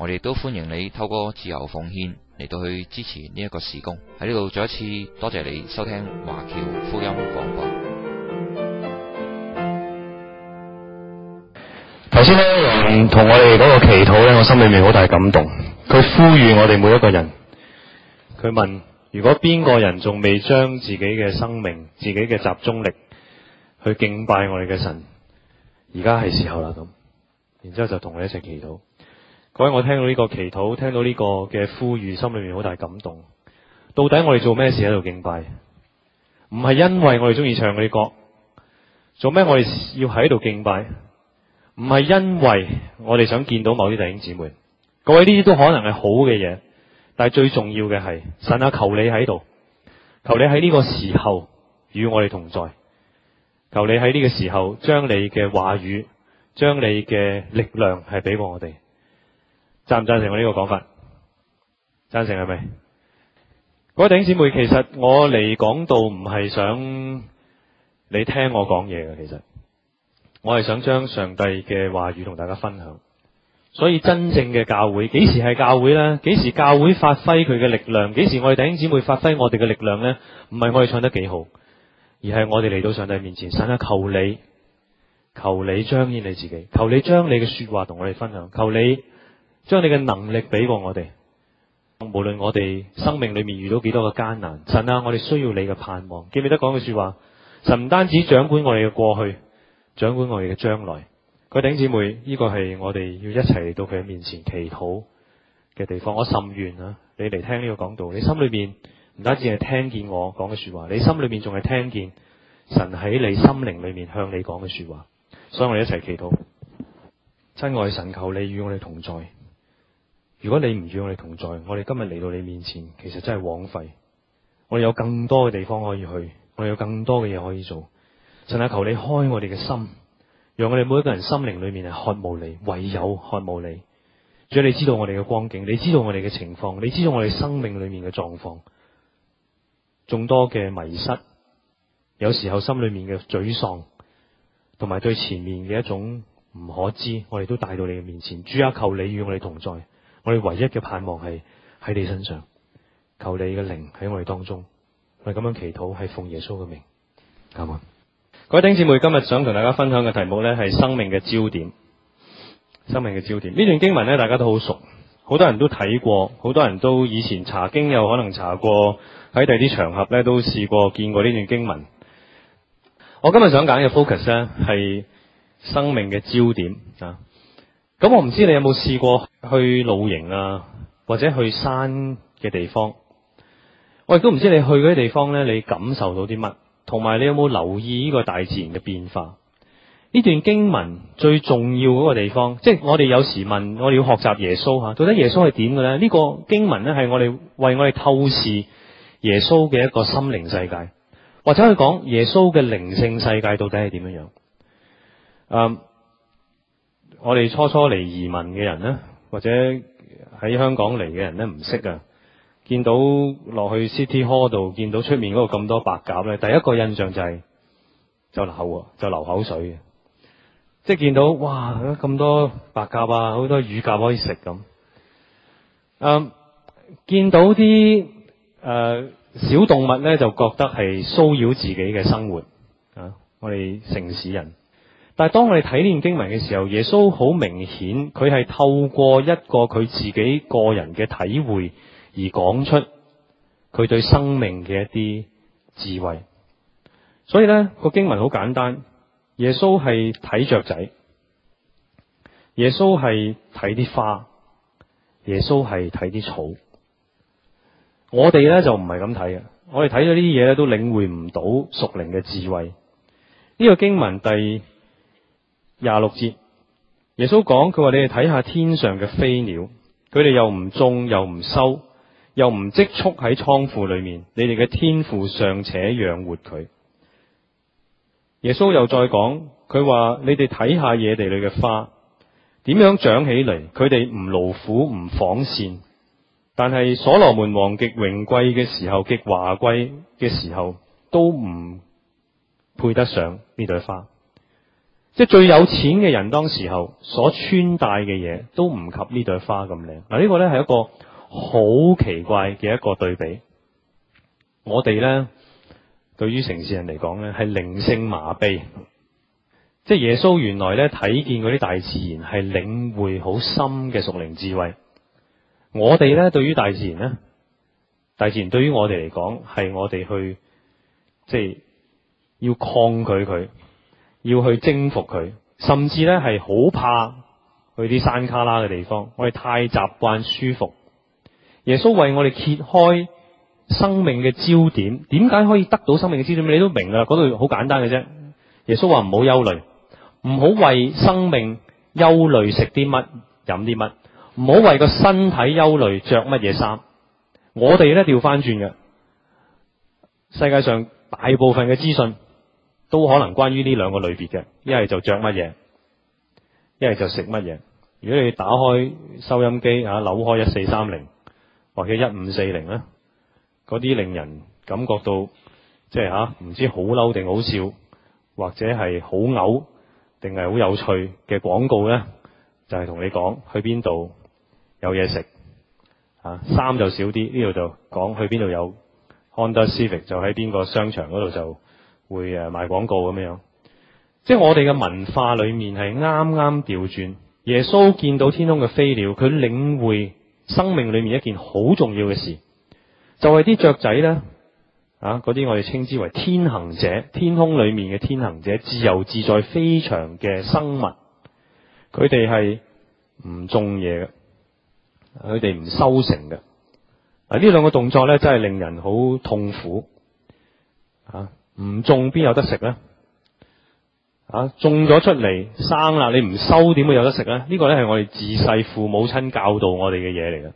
我哋都歡迎你透過自由奉獻嚟到去支持呢一個事工。喺呢度再一次多謝你收聽華僑福音廣播。頭先咧，同我哋嗰個祈禱呢，我心裏面好大感動。佢呼籲我哋每一個人，佢 問：如果邊個人仲未將自己嘅生命、自己嘅集中力去敬拜我哋嘅神，而家係時候啦咁。然之後就同我一齊祈禱。各位，我聽到呢個祈禱，聽到呢個嘅呼籲，心裏面好大感動。到底我哋做咩事喺度敬拜？唔係因為我哋中意唱嗰啲歌，做咩我哋要喺度敬拜？唔係因為我哋想見到某啲弟兄姊妹。各位，呢啲都可能係好嘅嘢，但係最重要嘅係神啊，求，求你喺度，求你喺呢個時候與我哋同在，求你喺呢個時候將你嘅話語、將你嘅力量係俾過我哋。贊唔贊成我呢個講法？贊成係咪？各位弟兄姊妹，其實我嚟講道唔係想你聽我講嘢嘅，其實我係想將上帝嘅話語同大家分享。所以真正嘅教會幾時係教會咧？幾時教會發揮佢嘅力量？幾時我哋弟兄姊妹發揮我哋嘅力量呢？唔係我哋唱得幾好，而係我哋嚟到上帝面前，想啊，求你，求你彰顯你自己，求你將你嘅說話同我哋分享，求你。將你嘅能力俾過我哋，無論我哋生命裏面遇到幾多個艱難，神啊，我哋需要你嘅盼望。記唔記得講句說話？神唔單止掌管我哋嘅過去，掌管我哋嘅將來。各位頂姊妹，呢、這個係我哋要一齊嚟到佢嘅面前祈禱嘅地方。我甚願啊，你嚟聽呢個講道，你心裏面唔單止係聽見我講嘅說話，你心裏面仲係聽見神喺你心靈裏面向你講嘅說話。所以我哋一齊祈禱，親愛神，求你與我哋同在。如果你唔與我哋同在，我哋今日嚟到你面前，其實真係枉費。我哋有更多嘅地方可以去，我哋有更多嘅嘢可以做。神啊，求你開我哋嘅心，讓我哋每一個人心靈裏面係渴慕你，唯有渴慕你。主，你知道我哋嘅光景，你知道我哋嘅情況，你知道我哋生命裏面嘅狀況，眾多嘅迷失，有時候心裏面嘅沮喪，同埋對前面嘅一種唔可知，我哋都帶到你嘅面前。主啊，求你與我哋同在。我哋唯一嘅盼望係喺你身上，求你嘅靈喺我哋當中，我哋咁樣祈禱係奉耶穌嘅名。阿門、啊。各位弟兄姊妹，今日想同大家分享嘅題目呢，係生命嘅焦點。生命嘅焦點，呢段經文呢，大家都好熟，好多人都睇過，好多人都以前查經又可能查過，喺第啲場合呢，都試過見過呢段經文。我今日想揀嘅 focus 呢，係生命嘅焦點啊。咁、嗯、我唔知你有冇試過去露營啊，或者去山嘅地方。我亦都唔知你去嗰啲地方呢，你感受到啲乜？同埋你有冇留意呢個大自然嘅變化？呢段經文最重要嗰個地方，即係我哋有時問，我哋要學習耶穌吓，到底耶穌係點嘅呢？呢、呢個經文呢，係我哋為我哋透視耶穌嘅一個心靈世界，或者佢講耶穌嘅靈性世界到底係點樣樣？嗯。我哋初初嚟移民嘅人咧，或者喺香港嚟嘅人咧，唔識啊！見到落去 City Hall 度，見到出面嗰咁多白鴿咧，第一個印象就係、是、就流啊就流口水嘅，即係見到哇咁多白鴿啊，好多乳鴿可以食咁。嗯，見到啲誒、呃、小動物咧，就覺得係騷擾自己嘅生活啊！我哋城市人。但係當我哋睇呢段經文嘅時候，耶穌好明顯佢係透過一個佢自己個人嘅體會而講出佢對生命嘅一啲智慧。所以呢、那個經文好簡單，耶穌係睇雀仔，耶穌係睇啲花，耶穌係睇啲草。我哋呢就唔係咁睇，我哋睇咗呢啲嘢咧都領會唔到屬靈嘅智慧。呢、這個經文第。廿六節，耶穌講佢話：你哋睇下天上嘅飛鳥，佢哋又唔種又唔收又唔積蓄喺倉庫裏面，你哋嘅天父尚且養活佢。耶穌又再講佢話：你哋睇下野地裏嘅花，點樣長起嚟？佢哋唔勞苦唔紡線，但係所羅門王極榮貴嘅時候，極華貴嘅時候，都唔配得上呢朵花。即係最有錢嘅人，當時候所穿戴嘅嘢，都唔及呢朵花咁靚。嗱，呢個咧係一個好奇怪嘅一個對比。我哋咧，對於城市人嚟講咧，係靈性麻痹。即係耶穌原來咧睇見嗰啲大自然係領會好深嘅屬靈智慧。我哋咧對於大自然咧，大自然對於我哋嚟講係我哋去即係要抗拒佢。要去征服佢，甚至咧係好怕去啲山卡拉嘅地方。我哋太習慣舒服。耶穌為我哋揭開生命嘅焦點，點解可以得到生命嘅焦點？你都明啦，嗰度好簡單嘅啫。耶穌話唔好憂慮，唔好為生命憂慮食啲乜、飲啲乜，唔好為個身體憂慮着乜嘢衫。我哋咧調翻轉嘅，世界上大部分嘅資訊。都可能關於呢兩個類別嘅，一係就着乜嘢，一係就食乜嘢。如果你打開收音機啊，扭開一四三零或者一五四零咧，嗰啲令人感覺到即係嚇唔知好嬲定好笑，或者係好嘔定係好有趣嘅廣告呢，就係、係、同你講去邊度有嘢食。嚇、啊、衫就少啲，呢度就講去邊度有 Honda 就喺邊個商場嗰度就。會誒、啊、賣廣告咁樣，即係我哋嘅文化裏面係啱啱調轉。耶穌見到天空嘅飛鳥，佢領會生命裏面一件好重要嘅事，就係啲雀仔呢。啊！嗰啲我哋稱之為天行者，天空裏面嘅天行者，自由自在、非常嘅生物，佢哋係唔種嘢嘅，佢哋唔收成嘅。啊，呢兩個動作呢，真係令人好痛苦啊！唔種邊有得食呢？啊，種咗出嚟生啦，你唔收點會有得食呢？呢個呢係我哋自細父母親教導我哋嘅嘢嚟嘅。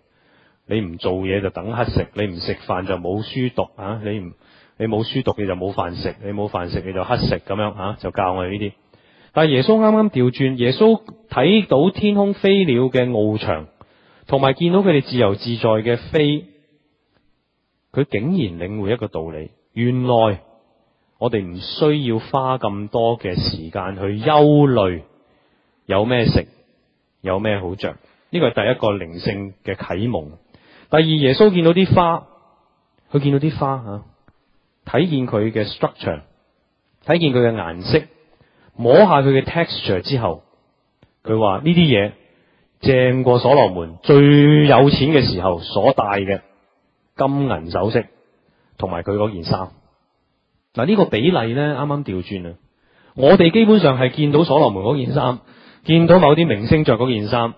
你唔做嘢就等乞食，你唔食飯就冇書讀啊！你唔你冇書讀你就冇飯食，你冇飯食你就乞食咁樣啊！就教我哋呢啲。但係耶穌啱啱調轉，耶穌睇到天空飛鳥嘅翱翔，同埋見到佢哋自由自在嘅飛，佢竟然領會一個道理，原來。我哋唔需要花咁多嘅時間去憂慮有咩食，有咩好着。呢個係第一個靈性嘅啟蒙。第二，耶穌見到啲花，佢見到啲花吓，睇見佢嘅 structure，睇見佢嘅顏色，摸下佢嘅 texture 之後，佢話呢啲嘢正過所羅門最有錢嘅時候所戴嘅金銀首飾，同埋佢件衫。嗱，呢個比例咧，啱啱調轉啊，我哋基本上係見到所羅門嗰件衫，見到某啲明星着嗰件衫，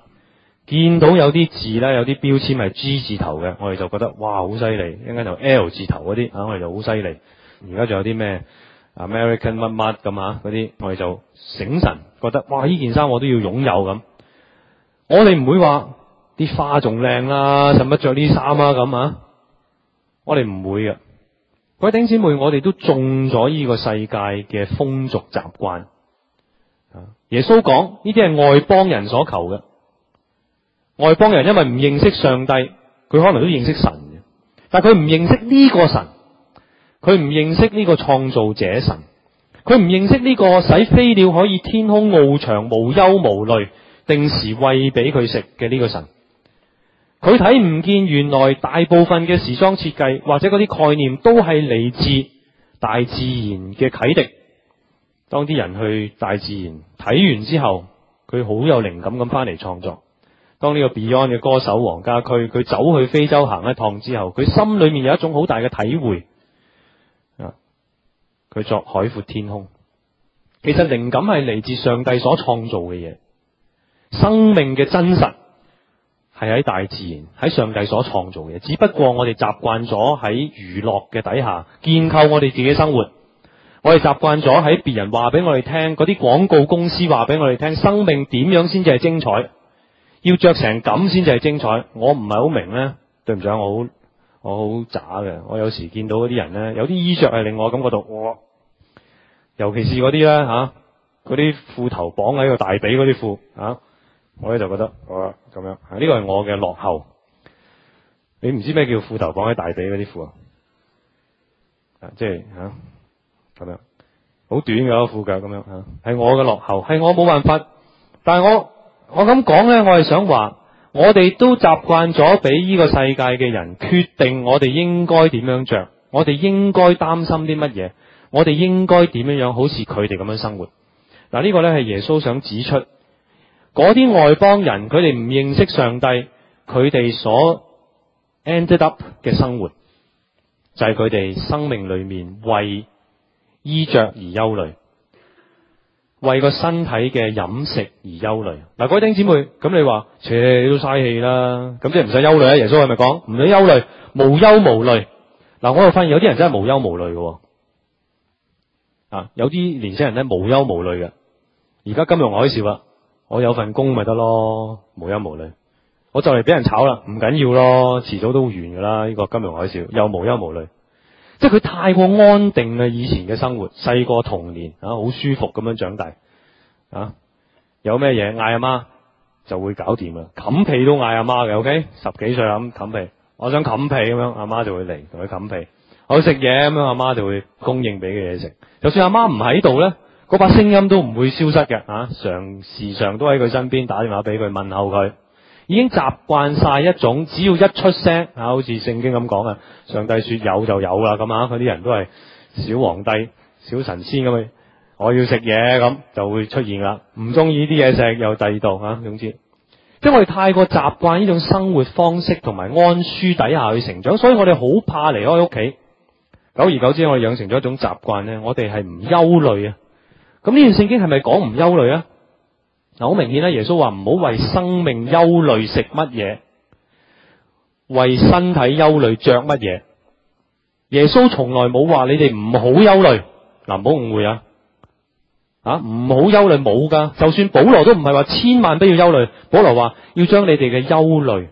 見到有啲字咧，有啲標籤係 G 字頭嘅，我哋就覺得哇好犀利；一陣間就 L 字頭嗰啲，嚇我哋就好犀利。而家仲有啲咩 American 乜乜咁啊啲，我哋就，啊，就醒神，覺得哇呢件衫我都要擁有咁。我哋唔會話啲花仲靚啦，使乜着呢啲衫啊咁啊！我哋唔會嘅。各位頂姊妹，我哋都中咗呢個世界嘅風俗習慣。耶穌講：呢啲係外邦人所求嘅。外邦人因為唔認識上帝，佢可能都認識神，但佢唔認識呢個神，佢唔認識呢個創造者神，佢唔認識呢個使飛鳥可以天空翱翔、無憂無慮、定時餵俾佢食嘅呢個神。佢睇唔見，原來大部分嘅時裝設計或者嗰啲概念都係嚟自大自然嘅啟迪。當啲人去大自然睇完之後，佢好有靈感咁翻嚟創作。當呢個 Beyond 嘅歌手黃家駒佢走去非洲行一趟之後，佢心裏面有一種好大嘅體會。佢作海闊天空。其實靈感係嚟自上帝所創造嘅嘢，生命嘅真實。係喺大自然，喺上帝所創造嘅。只不過我哋習慣咗喺娛樂嘅底下建構我哋自己生活。我哋習慣咗喺別人話俾我哋聽，嗰啲廣告公司話俾我哋聽，生命點樣先至係精彩？要着成咁先至係精彩。我唔係好明呢，對唔住，我好我好渣嘅。我有時見到嗰啲人呢，有啲衣着係令我感覺到我，尤其是嗰啲呢，嚇、啊，嗰啲褲頭綁喺個大髀嗰啲褲嚇。啊。我咧就覺得，好啦，咁樣，呢個係我嘅落後。你唔知咩叫褲頭綁喺大髀嗰啲褲啊？啊，即係吓咁樣，好短噶褲腳咁樣吓，係、啊、我嘅落後，係我冇辦法。但係我我咁講呢，我係想話，我哋都習慣咗俾呢個世界嘅人決定我哋應該點樣着，我哋應該擔心啲乜嘢，我哋應該點樣樣，好似佢哋咁樣生活。嗱、啊、呢、這個呢，係耶穌想指出。嗰啲外邦人，佢哋唔認識上帝，佢哋所 ended up 嘅生活，就係佢哋生命裏面為衣着而憂慮，為個身體嘅飲食而憂慮。嗱、嗯，各位弟兄姊妹，咁你話，切、呃、都嘥氣啦，咁即係唔使憂慮啊！耶穌係咪講唔使憂慮，無憂無慮？嗱、嗯，我又發現有啲人真係無憂無慮嘅，啊，有啲年青人咧無憂無慮嘅，而家金融海嘯啊！我有份工咪得咯，無憂無慮。我就嚟俾人炒啦，唔緊要咯，遲早都會完噶啦。呢個金融海嘯又無憂無慮，即係佢太過安定啦。以前嘅生活，細個童年啊，好舒服咁樣長大啊。有咩嘢嗌阿媽就會搞掂啦，冚被都嗌阿媽嘅。OK，十幾歲啦咁冚被，我想冚被咁樣，阿媽就會嚟同佢冚被。我食嘢咁樣，阿媽就會供應俾佢嘢食。就算阿媽唔喺度呢。嗰把聲音都唔會消失嘅啊，常時常都喺佢身邊打電話俾佢問候佢，已經習慣晒一種只要一出聲啊，好似聖經咁講啊，上帝說有就有啦咁啊，佢啲人都係小皇帝、小神仙咁啊，我要食嘢咁就會出現啦，唔中意啲嘢食又第二度啊，總之，因為太過習慣呢種生活方式同埋安舒底下去成長，所以我哋好怕離開屋企，久而久之我哋養成咗一種習慣呢，我哋係唔憂慮啊。咁呢段聖經係咪講唔憂慮啊？嗱，好明顯啦，耶穌話唔好為生命憂慮，食乜嘢，為身體憂慮着乜嘢。耶穌從來冇話你哋唔好憂慮，嗱，唔好誤會啊，啊，唔好憂慮冇㗎，就算保羅都唔係話千萬不要憂慮，保羅話要將你哋嘅憂慮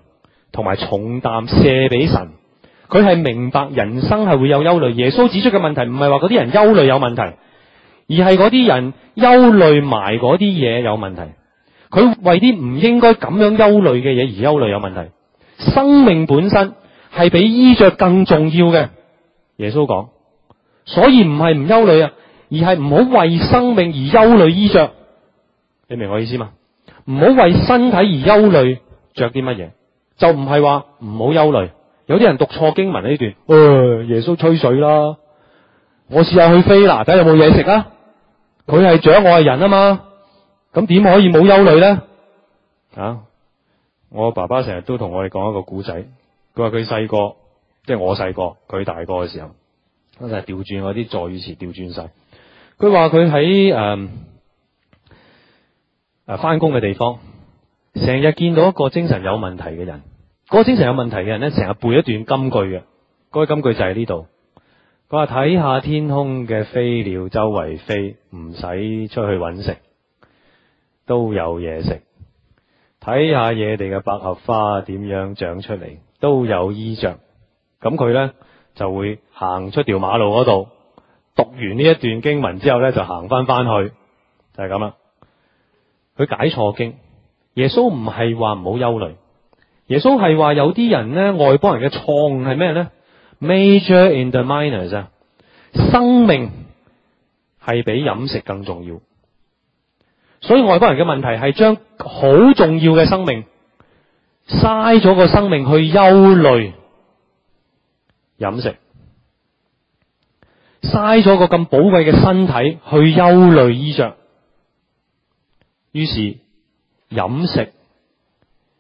同埋重擔卸俾神，佢係明白人生係會有憂慮。耶穌指出嘅問題唔係話嗰啲人憂慮有問題。而係嗰啲人憂慮埋嗰啲嘢有問題，佢為啲唔應該咁樣憂慮嘅嘢而憂慮有問題。生命本身係比衣着更重要嘅，耶穌講，所以唔係唔憂慮啊，而係唔好為生命而憂慮衣着。你明白我意思嘛？唔好為身體而憂慮着啲乜嘢，就唔係話唔好憂慮。有啲人讀錯經文呢段，誒、呃，耶穌吹水啦，我試下去飛啦，睇下有冇嘢食啊！佢係掌我係人啊嘛，咁點可以冇憂慮咧？吓、啊？我爸爸成日都同我哋講一個故仔，佢話佢細個，即係我細個，佢大個嘅時候，嗰陣係調轉啲助語詞調轉晒。佢話佢喺誒誒翻工嘅地方，成日見到一個精神有問題嘅人，嗰個精神有問題嘅人咧，成日背一段金句嘅，嗰個金句就係呢度。佢話睇下天空嘅飛鳥周圍飛，唔使出去揾食，都有嘢食。睇下野地嘅百合花點樣長出嚟，都有衣着。咁佢呢就會行出條馬路嗰度，讀完呢一段經文之後呢，就行翻翻去，就係咁啦。佢解錯經，耶穌唔係話唔好憂慮，耶穌係話有啲人,人呢，外邦人嘅錯誤係咩呢？」Major in the minors 啊！生命係比飲食更重要，所以外國人嘅問題係將好重要嘅生命嘥咗個生命去憂慮飲食，嘥咗個咁寶貴嘅身體去憂慮衣着，於是飲食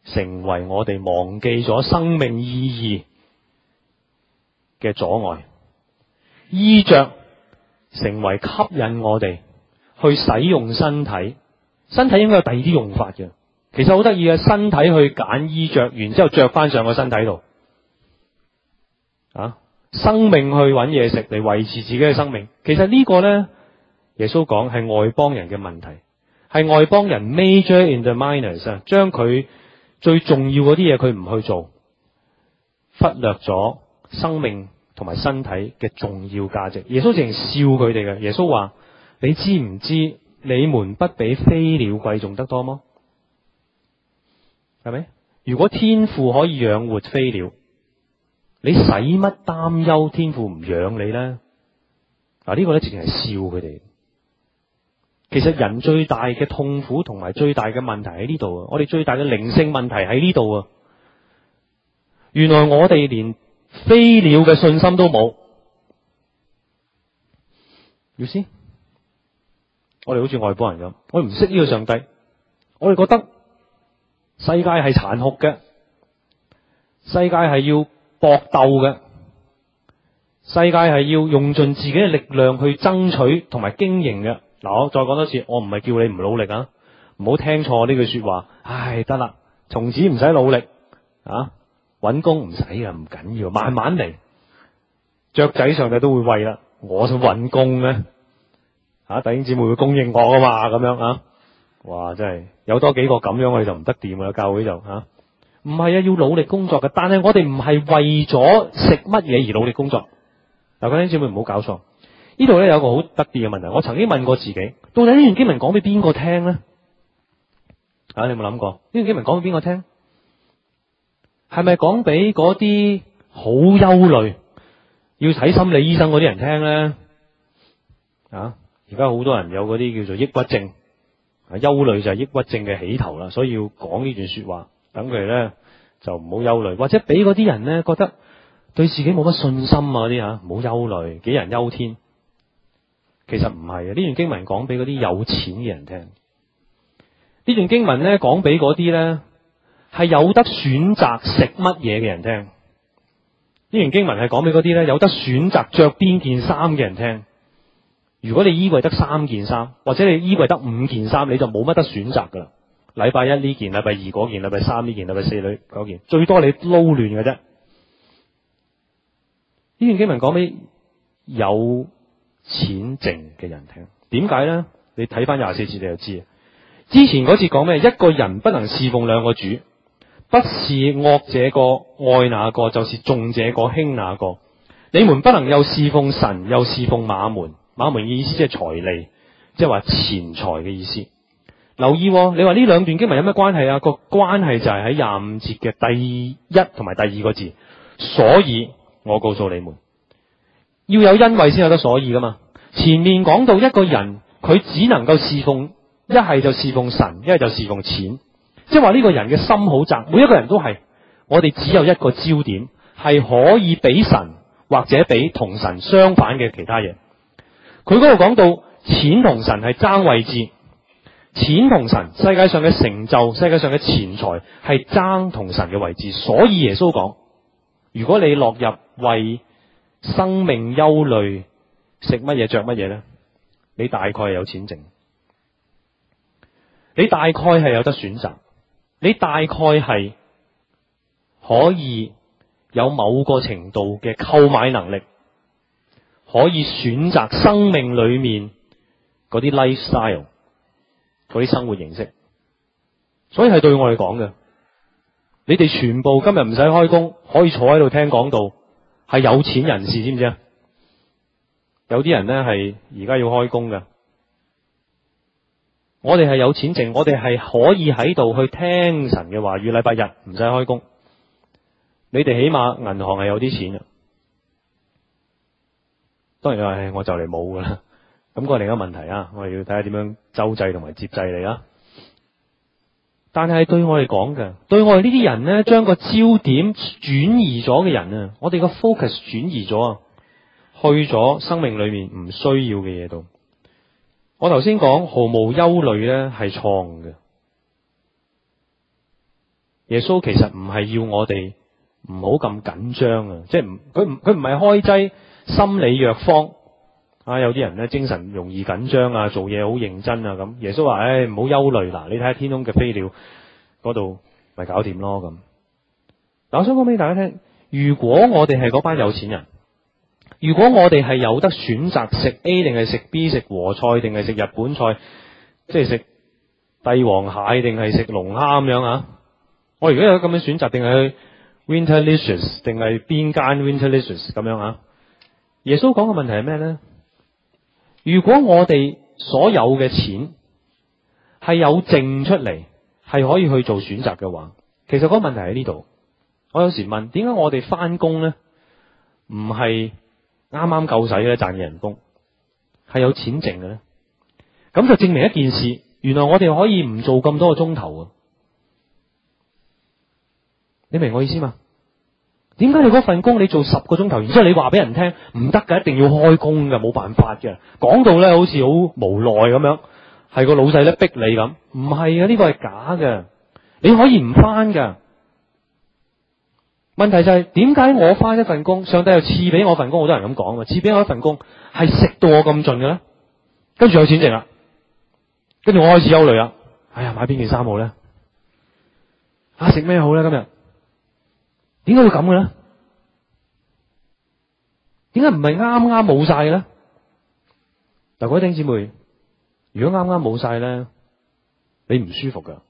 成為我哋忘記咗生命意義。嘅阻礙，衣着成為吸引我哋去使用身體，身體應該有第二啲用法嘅。其實好得意嘅，身體去揀衣着，然之後着翻上個身體度。啊，生命去揾嘢食嚟維持自己嘅生命。其實呢個呢，耶穌講係外邦人嘅問題，係外邦人 major in the minors，將佢最重要嗰啲嘢佢唔去做，忽略咗生命。同埋身體嘅重要價值，耶穌淨係笑佢哋嘅。耶穌話：你知唔知你們不比飛鳥貴重得多麼？係咪？如果天父可以養活飛鳥，你使乜擔憂天父唔養你呢？啊」嗱，呢個咧淨係笑佢哋。其實人最大嘅痛苦同埋最大嘅問題喺呢度啊！我哋最大嘅靈性問題喺呢度啊！原來我哋連飛鳥嘅信心都冇，要先，我哋好似外邦人咁，我哋唔識呢個上帝，我哋覺得世界係殘酷嘅，世界係要搏鬥嘅，世界係要用盡自己嘅力量去爭取同埋經營嘅。嗱，我再講多次，我唔係叫你唔努力啊，唔好聽錯呢句說話。唉，得啦，從此唔使努力啊。搵工唔使啊，唔緊要，要，慢慢嚟。雀仔上帝都會餵啦，我想搵工咧，吓、啊、弟兄姊妹會供應我噶嘛，咁樣吓、啊，哇，真係有多幾個咁樣，我哋就唔得掂啊！教會就吓，唔、啊、係啊，要努力工作噶，但係我哋唔係為咗食乜嘢而努力工作。嗱，弟兄姊妹唔好搞錯，呢度呢有個好得意嘅問題，我曾經問過自己，到底呢段經文講俾邊個聽呢？吓、啊，你有冇諗過呢段經文講俾邊個聽？係咪講俾嗰啲好憂慮，要睇心理醫生嗰啲人聽呢？啊，而家好多人有嗰啲叫做抑鬱症，啊憂慮就係抑鬱症嘅起頭啦，所以要講呢段說話，等佢哋呢就唔好憂慮，或者俾嗰啲人呢覺得對自己冇乜信心啊啲吓，唔好憂慮，杞人憂天？其實唔係啊，呢段經文講俾嗰啲有錢嘅人聽，呢段經文呢講俾嗰啲呢。係有得選擇食乜嘢嘅人聽，呢段經文係講俾嗰啲呢，有得選擇着邊件衫嘅人聽。如果你衣櫃得三件衫，或者你衣櫃得五件衫，你就冇乜得選擇噶啦。禮拜一呢件，禮拜二嗰件，禮拜三呢件，禮拜四嗰件，最多你撈亂嘅啫。呢段經文講俾有錢剩嘅人聽。點解呢？你睇翻廿四節你就知。之前嗰節講咩？一個人不能侍奉兩個主。不是惡這個愛那個，個就是重這個輕那個。你們不能又侍奉神，又侍奉馬門。馬門意思即係財利，即係話錢財嘅意思。留意哦，你話呢兩段經文有咩關係啊？個關係就係喺廿五節嘅第一同埋第二個字。所以我告訴你們，要有因為，先有得所以噶嘛前面講到一個人，佢只能夠侍奉一係就侍奉神，一係就侍奉錢。即係話呢個人嘅心好窄，每一個人都係我哋只有一個焦點，係可以俾神或者俾同神相反嘅其他嘢。佢嗰度講到錢同神係爭位置，錢同神世界上嘅成就、世界上嘅錢財係爭同神嘅位置，所以耶穌講：如果你落入為生命憂慮，食乜嘢着乜嘢呢？你大概係有錢剩，你大概係有得選擇。你大概係可以有某個程度嘅購買能力，可以選擇生命裏面啲 lifestyle，啲生活形式，所以係對我嚟講嘅。你哋全部今日唔使開工，可以坐喺度聽講道係有錢人士，知唔知啊？有啲人咧，係而家要開工嘅。我哋係有錢剩，我哋係可以喺度去聽神嘅話語，禮拜日唔使開工。你哋起碼銀行係有啲錢啊。當然又我就嚟冇噶啦。咁個另一個問題啊，我哋要睇下點樣周濟同埋接濟你啊。但係對我哋講嘅，對我哋呢啲人呢，將個焦點轉移咗嘅人啊，我哋個 focus 轉移咗啊，去咗生命裏面唔需要嘅嘢度。我頭先講毫無憂慮咧係錯嘅，耶穌其實唔係要我哋唔好咁緊張啊，即係唔佢唔佢唔係開劑心理藥方啊，有啲人咧精神容易緊張啊，做嘢好認真啊咁，耶穌話唉唔好憂慮嗱，你睇下天空嘅飛鳥嗰度咪搞掂咯咁。但我想講俾大家聽，如果我哋係嗰班有錢人。如果我哋係有得選擇食 A 定係食 B，食和菜定係食日本菜，即係食帝王蟹定係食龍蝦咁樣啊？我如果有咁樣選擇，定係去 Winterlicious 定係邊間 Winterlicious 咁樣啊？耶穌講嘅問題係咩咧？如果我哋所有嘅錢係有剩出嚟，係可以去做選擇嘅話，其實個問題喺呢度。我有時問，點解我哋翻工咧，唔係？啱啱夠使咧，賺嘅人工係有錢剩嘅咧，咁就證明一件事，原來我哋可以唔做咁多個鐘頭嘅。你明我意思嘛？點解你嗰份工你做十個鐘頭，然之後你話俾人聽唔得㗎，一定要開工嘅，冇辦法嘅，講到咧好似好無奈咁樣，係個老細咧逼你咁，唔係啊，呢、呢個係假嘅，你可以唔返㗎。問題就係點解我返一份工，上帝又賜俾我份工？好多人咁講，賜俾我一份工係食到我咁盡嘅咧，跟住有錢剩啦，跟住我開始憂慮啦。哎呀，買邊件衫好咧？啊，食咩好咧？今日點解會咁嘅咧？點解唔係啱啱冇晒嘅咧？但各位弟兄姊妹，如果啱啱冇晒咧，你唔舒服噶。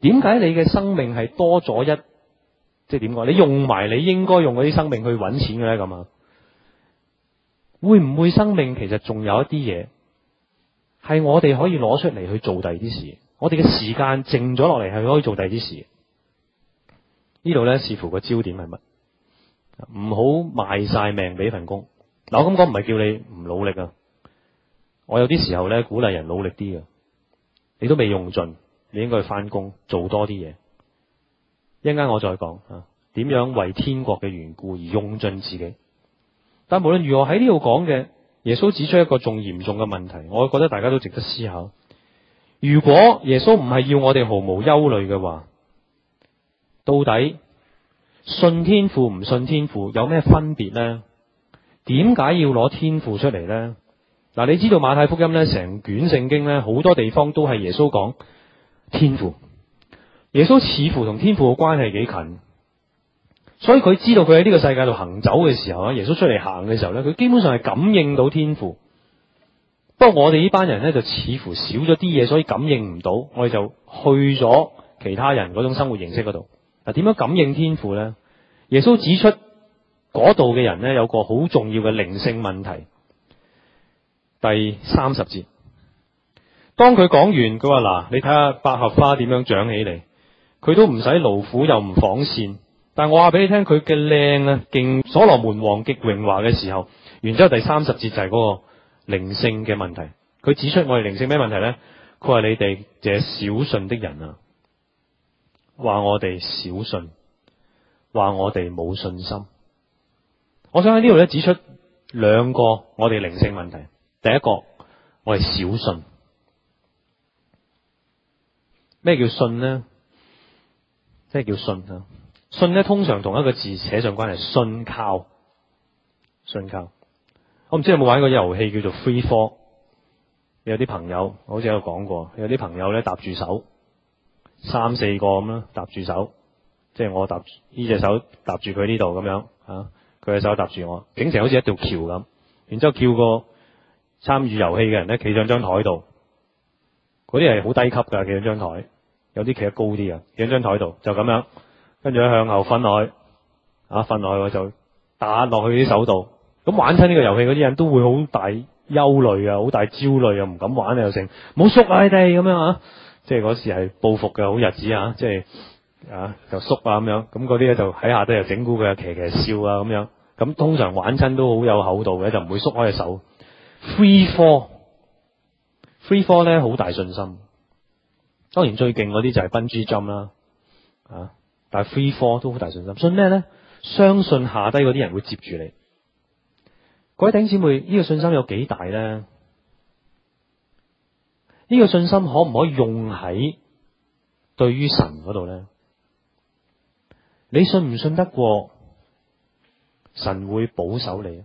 點解你嘅生命係多咗一？即係點講？你用埋你應該用嗰啲生命去揾錢嘅咧咁啊？會唔會生命其實仲有一啲嘢係我哋可以攞出嚟去做第二啲事？我哋嘅時間靜咗落嚟係可以做第二啲事。呢度呢，視乎個焦點係乜？唔好賣晒命俾份工。嗱，我咁講唔係叫你唔努力啊！我有啲時候呢，鼓勵人努力啲啊！你都未用盡。你應該去翻工做多啲嘢。一陣間我再講啊，點樣為天國嘅緣故而用盡自己。但無論如何喺呢度講嘅耶穌指出一個仲嚴重嘅問題，我覺得大家都值得思考。如果耶穌唔係要我哋毫無憂慮嘅話，到底信天父唔信天父有咩分別呢？點解要攞天父出嚟呢？嗱、啊，你知道馬太福音咧，成卷聖經咧，好多地方都係耶穌講。天父，耶穌似乎同天父嘅關係幾近，所以佢知道佢喺呢個世界度行走嘅時候啊，耶穌出嚟行嘅時候咧，佢基本上係感應到天父。不過我哋呢班人呢，就似乎少咗啲嘢，所以感應唔到。我哋就去咗其他人嗰種生活形式嗰度。嗱，點樣感應天父呢？耶穌指出嗰度嘅人呢，有個好重要嘅靈性問題。第三十節。當佢講完，佢話，嗱，你睇下百合花點樣長起嚟，佢都唔使勞苦，又唔紡線，但我話俾你聽佢嘅靚啊，勁所羅門王極榮華嘅時候。然之後第三十節就係嗰個靈性嘅問題。佢指出我哋靈性咩問題呢？佢話你哋這小信的人啊，話我哋小信，話我哋冇信心。我想喺呢度咧指出兩個我哋靈性問題。第一個，我哋小信。咩叫信咧？即係叫信啊！信咧通常同一個字扯上關係，信靠、信靠。我唔知有冇玩過遊戲叫做 Free Fall？有啲朋友，我好似有講過，有啲朋友咧搭住手，三四個咁樣搭住手，即係我搭呢隻手搭住佢呢度咁樣吓，佢、啊、隻手搭住我，整成好似一條橋咁。然之後叫個參與遊戲嘅人咧企上張台度，嗰啲係好低級噶，企上張台。有啲企得高啲啊，企喺張台度就咁樣，跟住咧向後瞓落去，啊瞓落去我就打落去啲手度。咁玩親呢個遊戲嗰啲人都會好大憂慮啊，好大焦慮啊，唔敢玩啊，又成，冇縮啊你哋咁樣啊，即係嗰時係報復嘅好日子啊，即係啊就縮啊咁樣，咁嗰啲咧就喺下低又整蠱佢，啊，騎騎、啊、笑啊咁、啊、樣。咁、啊、通常玩親都好有厚道嘅，就唔會縮開隻手。Free fall，Free fall 咧好大信心。當然最勁嗰啲就係笨豬跳啦，啊！但係 free fall 都好大信心，信咩咧？相信下低嗰啲人會接住你。各位頂姐妹，呢個信心有幾大咧？呢個信心可唔可以用喺對於神嗰度咧？你信唔信得過神會保守你？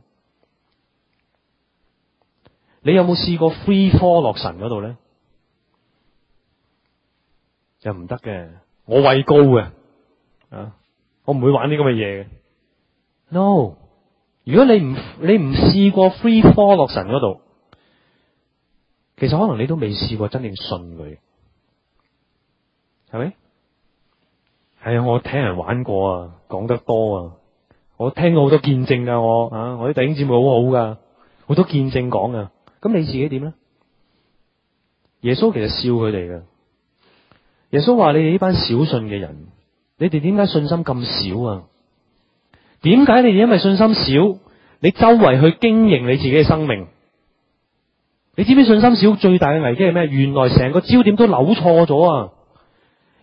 你有冇試過 free fall 落神嗰度咧？又唔得嘅，我畏高嘅，啊，我唔會玩啲咁嘅嘢嘅。No，如果你唔你唔試過 free fall 落神嗰度，其實可能你都未試過真正信佢，係咪？係啊，我聽人玩過啊，講得多啊，我聽過好多見證噶，我啊，我啲、啊、弟兄姊妹好好、啊、噶，好多見證講噶、啊，咁你自己點咧？耶穌其實笑佢哋嘅。耶穌話：你哋呢班小信嘅人，你哋點解信心咁少啊？點解你哋因為信心少，你周圍去經營你自己嘅生命？你知唔知信心少最大嘅危機係咩？原來成個焦點都扭錯咗啊！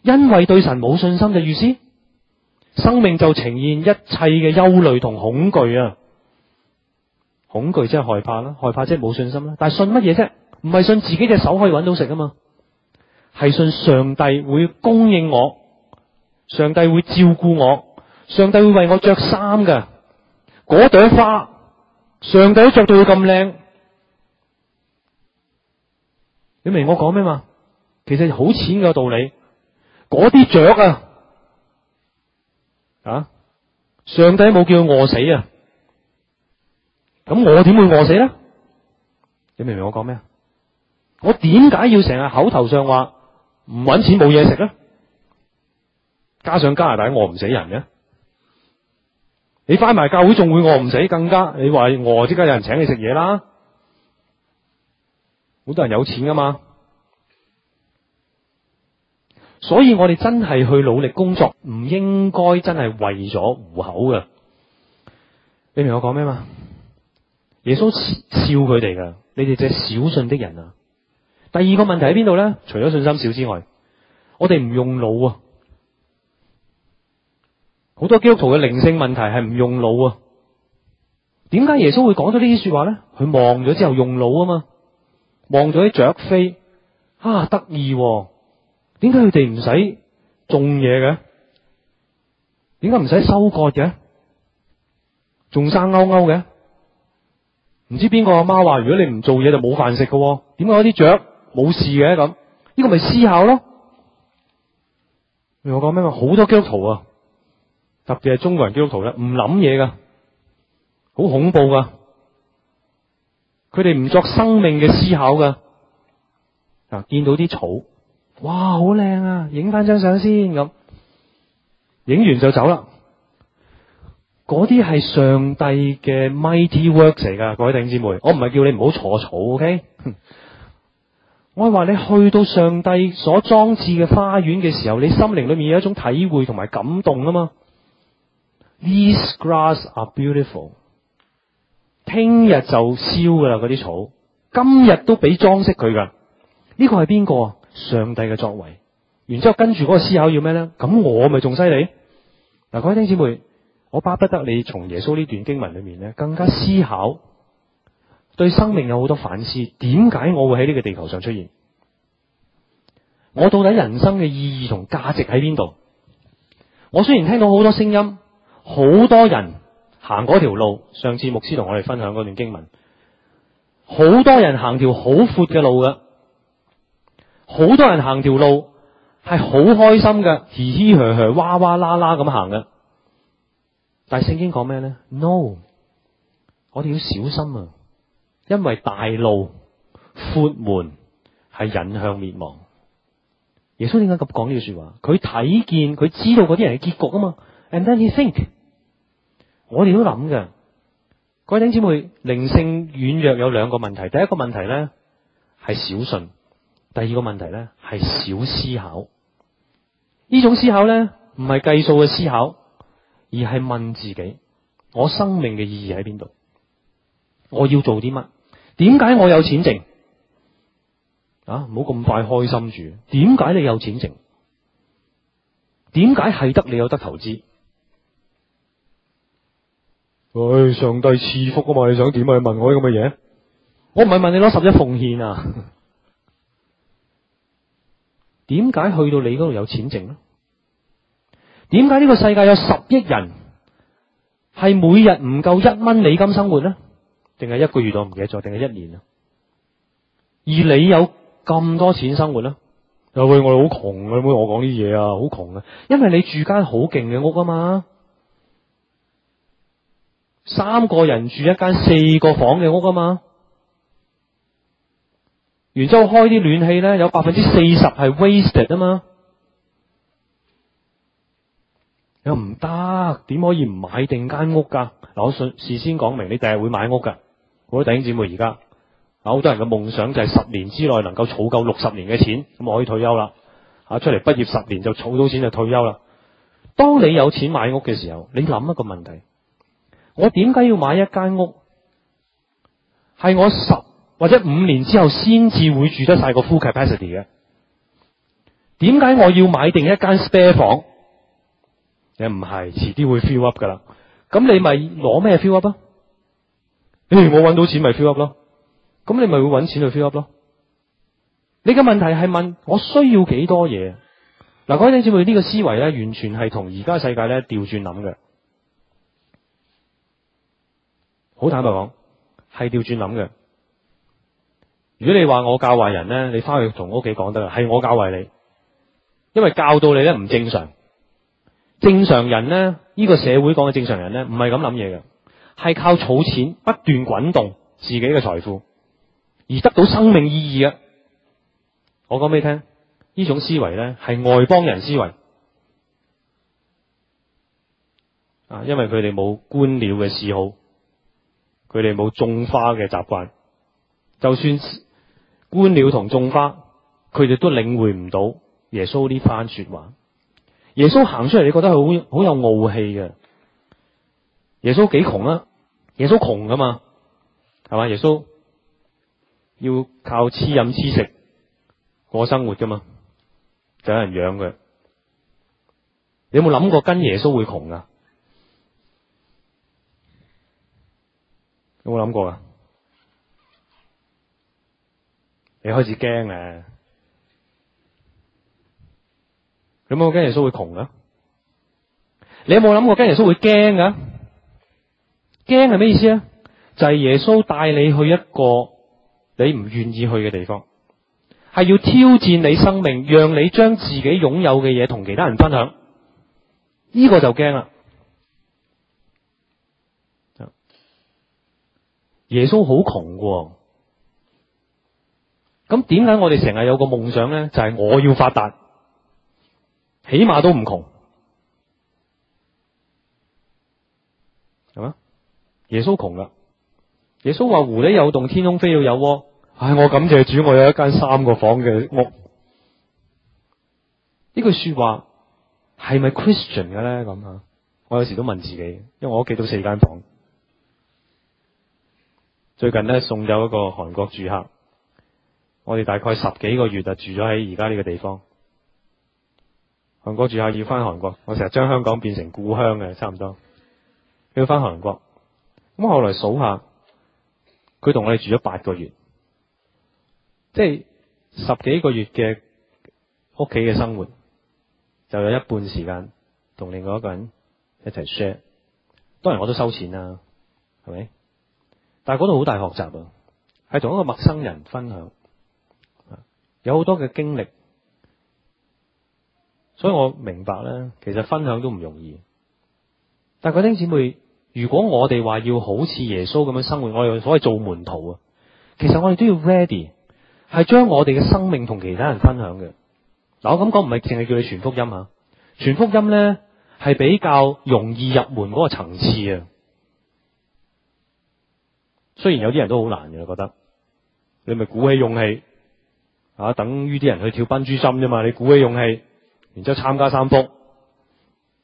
因為對神冇信心嘅意思，生命就呈現一切嘅憂慮同恐懼啊！恐懼即係害怕啦，害怕即係冇信心啦。但係信乜嘢啫？唔係信自己隻手可以搵到食啊嘛！係信上帝會供應我，上帝會照顧我，上帝會為我着衫嘅。嗰朵花，上帝都着到佢咁靚，你明我講咩嘛？其實好淺嘅道理。嗰啲雀啊，啊，上帝冇叫佢餓死啊，咁我點會餓死咧？你明唔明我講咩啊？我點解要成日口頭上話？唔搵錢冇嘢食啦，加上加拿大餓唔死人嘅，啊，你翻埋教會仲會餓唔死，更加你話餓即刻有人請你食嘢啦，好多人有錢噶嘛，所以我哋真係去努力工作，唔應該真係為咗糊口噶，你明我講咩嘛？耶穌笑佢哋噶，你哋只係小信的人啊！第二個問題喺邊度咧？除咗信心少之外，我哋唔用腦啊！好多基督徒嘅靈性問題係唔用腦啊！點解耶穌會講咗呢啲說話咧？佢望咗之後用腦啊嘛，望咗啲雀飛啊得意啊，點解佢哋唔使種嘢嘅？點解唔使收割嘅？仲生勾勾嘅？唔知邊個阿媽話：如果你唔做嘢就冇飯食嘅，點解有啲雀？冇事嘅咁、啊，呢、這個咪思考咯？你我講咩話？好多基督徒啊，特別係中國人基督徒咧，唔諗嘢噶，好恐怖噶，佢哋唔作生命嘅思考噶。嗱、啊，見到啲草，哇，好靚啊，影翻張相先咁，影完就走啦。嗰啲係上帝嘅 mighty works 嚟噶，各位弟兄姊妹，我唔係叫你唔好坐草，ok？ 我話你去到上帝所裝置嘅花園嘅時候，你心靈裏面有一種體會同埋感動啊嘛。These grass are beautiful。聽日就燒噶啦嗰啲草，今日都俾裝飾佢噶。呢個係邊個啊？上帝嘅作為。然之後跟住嗰個思考要咩呢？咁我咪仲犀利嗱，各位弟兄姊妹，我巴不得你從耶穌呢段經文裏面咧，更加思考。對生命有好多反思，點解我會喺呢個地球上出現？我到底人生嘅意義同價值喺邊度？我雖然聽到好多聲音，好多人行嗰條路。上次牧師同我哋分享嗰段經文，好多人行條好闊嘅路嘅，好多人行條路係好開心嘅，嘻嘻呵呵、哇哇啦啦咁行嘅。但聖經講咩呢？No，我哋要小心啊！因為大路闊門係引向滅亡。耶穌點解咁講呢句說話？佢睇見，佢知道嗰啲人嘅結局啊嘛。And then he think，我哋都諗嘅。各位弟兄姊妹，靈性軟弱有兩個問題。第一個問題咧係小信，第二個問題咧係小思考。呢種思考咧唔係計數嘅思考，而係問自己：我生命嘅意義喺邊度？我要做啲乜？點解我有錢剩啊？唔好咁快開心住。點解你有錢剩？點解係得你有得投資？唉、哎，上帝賜福啊嘛！你想點啊？問我啲咁嘅嘢？我唔係問你攞十一奉獻啊！點 解去到你嗰度有錢剩咧？點解呢個世界有十億人係每日唔夠一蚊美金生活呢？定係一個月我唔記得咗，定係一年啊？而你有咁多錢生活咧？喂，我哋好窮嘅，有冇？我講啲嘢啊，好窮啊！因為你住間好勁嘅屋啊嘛，三個人住一間四個房嘅屋啊嘛，然之後開啲暖氣呢，有百分之四十係 wasted 啊嘛。又唔得，點可以唔買定間屋㗎？嗱，我事先講明，你第日會買屋㗎。好多弟兄姊妹而家，好多人嘅夢想就係十年之內能夠儲夠六十年嘅錢，咁我可以退休啦。吓、啊、出嚟畢業十年就儲到錢就退休啦。當你有錢買屋嘅時候，你諗一個問題：我點解要買一間屋？係我十或者五年之後先至會住得晒個 full capacity 嘅？點解我要買定一間 spare 房？你唔係遲啲會 fill up 噶啦？咁你咪攞咩 fill up 啊？我揾到錢咪 fill up 咯，咁你咪會揾錢去 fill up 咯。你嘅問題係問我需要幾多嘢？嗱，各位弟兄姊妹，呢個思維呢，完全係同而家世界呢調轉諗嘅。好坦白講，係調轉諗嘅。如果你話我教壞人呢，你翻去同屋企講得啦，係我教壞你，因為教到你呢，唔正常。正常人呢，呢個社會講嘅正常人呢，唔係咁諗嘢嘅。係靠儲錢，不斷滾動自己嘅財富而得到生命意義嘅。我講俾你聽，呢種思維呢係外邦人思維啊！因為佢哋冇觀鳥嘅嗜好，佢哋冇種花嘅習慣。就算觀鳥同種花，佢哋都領會唔到耶穌呢番說話。耶穌行出嚟，你覺得佢好好有傲氣嘅。耶穌幾窮啊！耶穌窮噶嘛，係嘛？耶穌要靠黐飲黐食過生活噶嘛，就有人養佢。你有冇諗過跟耶穌會窮啊？有冇諗過啊？你開始驚咧？有冇諗過跟耶穌會窮噶？你有冇諗過跟耶穌會驚噶？驚係咩意思啊？就係、是、耶穌帶你去一個你唔願意去嘅地方，係要挑戰你生命，讓你將自己擁有嘅嘢同其他人分享。呢、呢個就驚啦。耶穌好窮嘅，咁點解我哋成日有個夢想呢？就係、是、我要發達，起碼都唔窮，係嘛？耶穌窮啦！耶穌話：狐狸有洞，天空飛鳥有窩。唉，我感謝主，我有一間三個房嘅屋。 句是是呢句説話係咪 Christian 嘅咧？咁啊，我有時都問自己，因為我屋企都四間房。最近呢，送咗一個韓國住客，我哋大概十幾個月就、啊、住咗喺而家呢個地方。韓國住客要翻韓國，我成日將香港變成故鄉嘅，差唔多要翻韓國。咁後來數下，佢同我哋住咗八個月，即係十幾個月嘅屋企嘅生活，就有一半時間同另外一個人一齊 share。當然我都收錢啦，係咪？但係嗰度好大學習啊，係同一個陌生人分享，有好多嘅經歷，所以我明白咧，其實分享都唔容易。但係嗰啲姊妹。如果我哋話要好似耶穌咁樣生活，我哋所謂做門徒啊，其實我哋都要 ready，係將我哋嘅生命同其他人分享嘅嗱。我咁講唔係淨係叫你傳福音吓，傳福音咧係比較容易入門個層次啊。雖然有啲人都好難嘅，我覺得你咪鼓起勇氣啊，等於啲人去跳笨豬心啫嘛。你鼓起勇氣，然之後參加三福，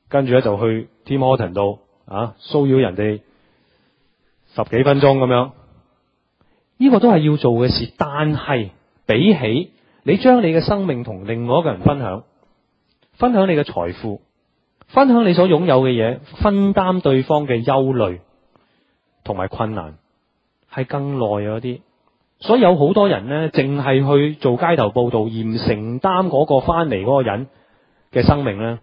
跟住咧就去 Tim Horton 度。啊！騷擾人哋十幾分鐘咁樣，呢個都係要做嘅事。但係比起你將你嘅生命同另外一個人分享、分享你嘅財富、分享你所擁有嘅嘢、分擔對方嘅憂慮同埋困難，係更耐嗰啲。所以有好多人呢，淨係去做街頭報道，而唔承擔嗰個翻嚟嗰個人嘅生命呢，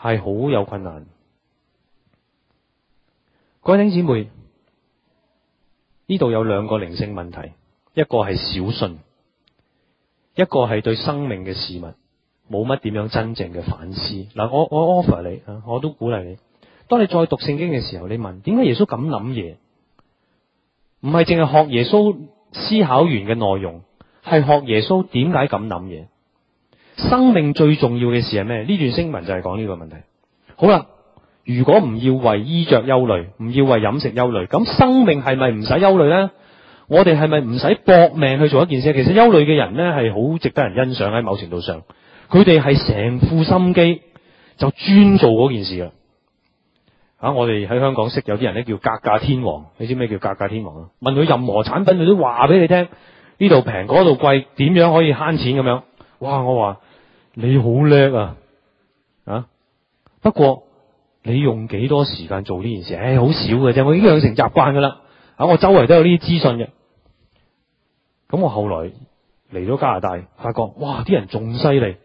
係好有困難。各位兄姊妹，呢度有兩個靈性問題，一個係小信，一個係對生命嘅事物冇乜點樣真正嘅反思。嗱，我我 offer 你，我都鼓勵你，當你再讀聖經嘅時候，你問點解耶穌咁諗嘢？唔係淨係學耶穌思考完嘅內容，係學耶穌點解咁諗嘢。生命最重要嘅事係咩？呢段經文就係講呢個問題。好啦。如果唔要為衣着憂慮，唔要為飲食憂慮，咁生命係咪唔使憂慮呢？我哋係咪唔使搏命去做一件事？其實憂慮嘅人呢，係好值得人欣賞，喺某程度上，佢哋係成副心機就專做嗰件事噶。啊，我哋喺香港識有啲人呢，叫格價天王，你知咩叫格價天王啦？問佢任何產品，佢都話俾你聽呢度平，嗰度貴，點樣可以慳錢咁樣？哇！我話你好叻啊！啊，不過。你用幾多時間做呢件事？唉、哎，好少嘅啫，我已經養成習慣嘅啦。啊，我周圍都有呢啲資訊嘅。咁、啊、我後來嚟咗加拿大，發覺哇，啲人仲犀利，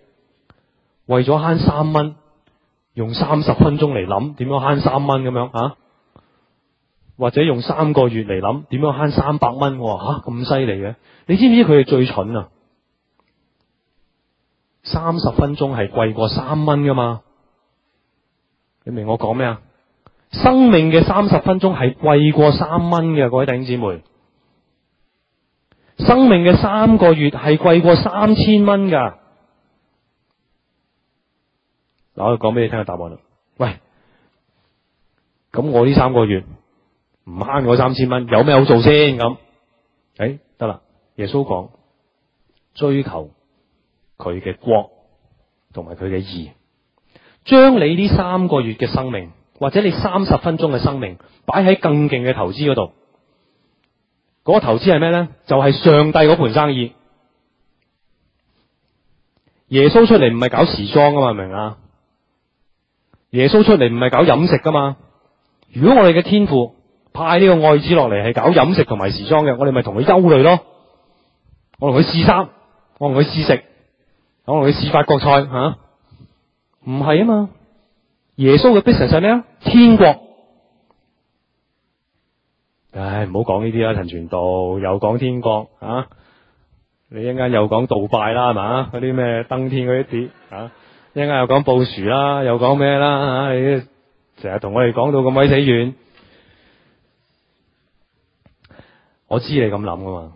為咗慳三蚊，用三十分鐘嚟諗點樣慳三蚊咁樣啊？或者用三個月嚟諗點樣慳三百蚊？我話嚇咁犀利嘅，你知唔知佢哋最蠢啊？三十分鐘係貴過三蚊噶嘛？你明我講咩啊？生命嘅三十分鐘係貴過三蚊嘅，各位弟兄姊妹。生命嘅三個月係貴過三千蚊噶。嗱，我講俾你聽個答案啦。喂，咁我呢三個月唔慳嗰三千蚊，有咩好做先？咁，誒、欸，得啦。耶穌講，追求佢嘅國同埋佢嘅義。將你呢三個月嘅生命，或者你三十分鐘嘅生命，擺喺更勁嘅投資嗰度。嗰、嗰個投資係咩呢？就係、係、上帝嗰盤生意。耶穌出嚟唔係搞時裝噶嘛，明明啊？耶穌出嚟唔係搞飲食噶嘛。如果我哋嘅天父派呢個愛子落嚟係搞飲食同埋時裝嘅，我哋咪同佢憂慮咯。我同佢試衫，我同佢試食，我同佢試法國菜吓。啊唔係啊嘛，耶穌嘅 business 係咩啊？天國。唉、哎，唔好講呢啲啦，陳傳道又講天國啊，你一陣間又講杜拜啦，係嘛？嗰啲咩登天嗰啲碟啊，一陣間又講布殊啦，又講咩啦啊？你成日同我哋講到咁鬼死遠，我知你咁諗噶嘛，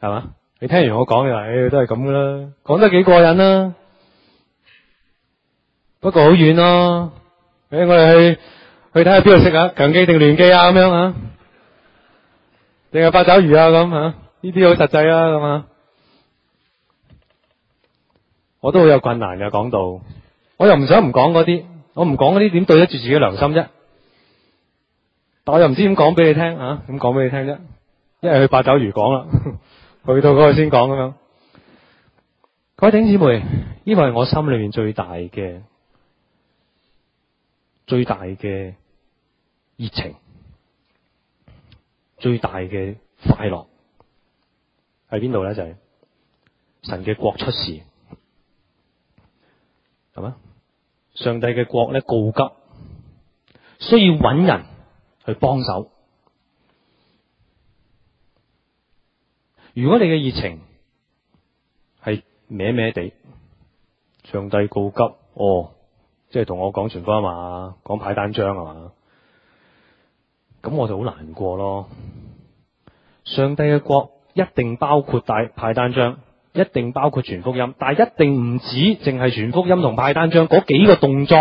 係嘛？你聽完我講嘅話，誒、哎，都係咁噶啦，講得幾過癮啦。不過好遠咯，誒，我哋去去睇下邊度食啊，強記定聯記啊咁、啊、樣吓、啊，定係八爪魚啊咁啊？呢啲好實際啊咁啊，啊我都好有困難嘅講道，我又唔想唔講嗰啲，我唔講嗰啲點對得住自己良心啫？但我又唔知點講俾你聽啊，咁講俾你聽啫，一係去八爪魚講啦、啊， 去到嗰度先講咁樣。各位弟兄姊妹，呢個係我心裏面最大嘅。最大嘅熱情，最大嘅快樂喺邊度咧？就係神嘅國出事，係嘛？上帝嘅國咧告急，需要揾人去幫手。如果你嘅熱情係咩咩地，上帝告急哦。即係同我講全福音嘛，講派單張啊嘛，咁我就好難過咯。上帝嘅國一定包括大派單張，一定包括全福音，但係一定唔止淨係全福音同派單張嗰幾個動作。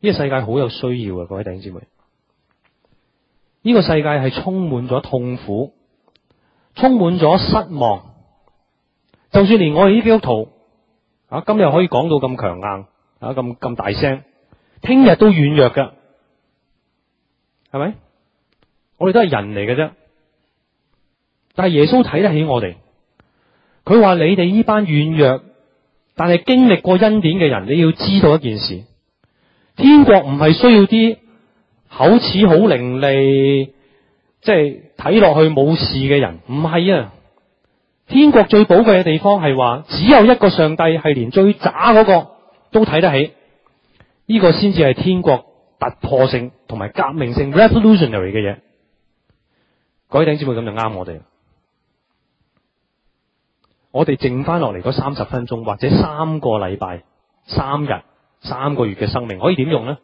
呢個世界好有需要啊，各位弟兄姊妹。呢個世界係充滿咗痛苦，充滿咗失望，就算連我哋呢幅圖。啊！今日可以講到咁強硬，啊咁咁大聲，聽日都軟弱嘅，係咪？我哋都係人嚟嘅啫，但係耶穌睇得起我哋。佢話你哋呢班軟弱，但係經歷過恩典嘅人，你要知道一件事，天國唔係需要啲口齒好伶俐，即係睇落去冇事嘅人，唔係啊！天國最寶貴嘅地方係話，只有一個上帝係連最渣嗰個都睇得起，呢個先至係天國突破性同埋革命性 revolutionary 嘅嘢。各位姊妹，咁就啱我哋。我哋剩翻落嚟嗰三十分鐘或者三個禮拜、三日、三個月嘅生命，可以點用呢？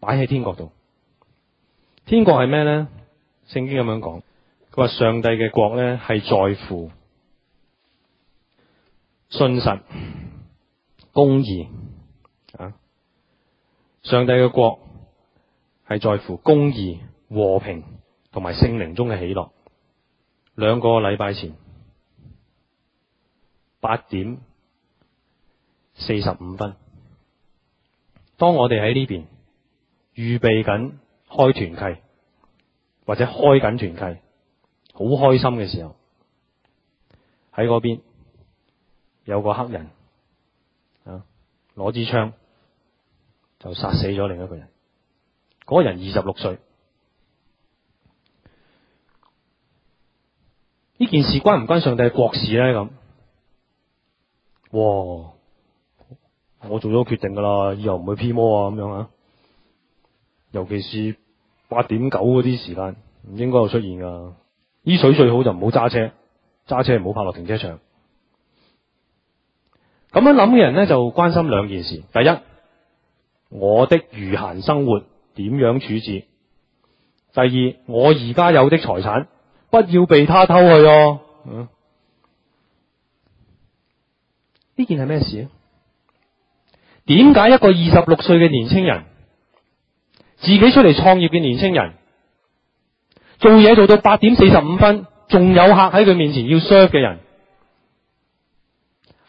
擺喺天國度。天國係咩呢？聖經咁樣講，佢話上帝嘅國呢係在乎。信實、公義啊！上帝嘅國係在乎公義、和平同埋聖靈中嘅喜樂。兩個禮拜前八點四十五分，當我哋喺呢邊預備緊開團契或者開緊團契，好開心嘅時候，喺嗰邊。有個黑人啊，攞支槍就殺死咗另一個人。嗰人二十六歲，呢件事關唔關上帝國事咧？咁，哇！我做咗決定噶啦，以後唔會 P 魔啊咁樣啊。尤其是八點九嗰啲時間，唔應該有出現噶。依水最好就唔好揸車，揸車唔好泊落停車場。咁樣諗嘅人呢，就關心兩件事：第一，我的餘閒生活點樣處置；第二，我而家有的財產不要被他偷去哦。嗯，呢件係咩事啊？點解一個二十六歲嘅年青人，自己出嚟創業嘅年青人，做嘢做到八點四十五分，仲有客喺佢面前要 serve 嘅人？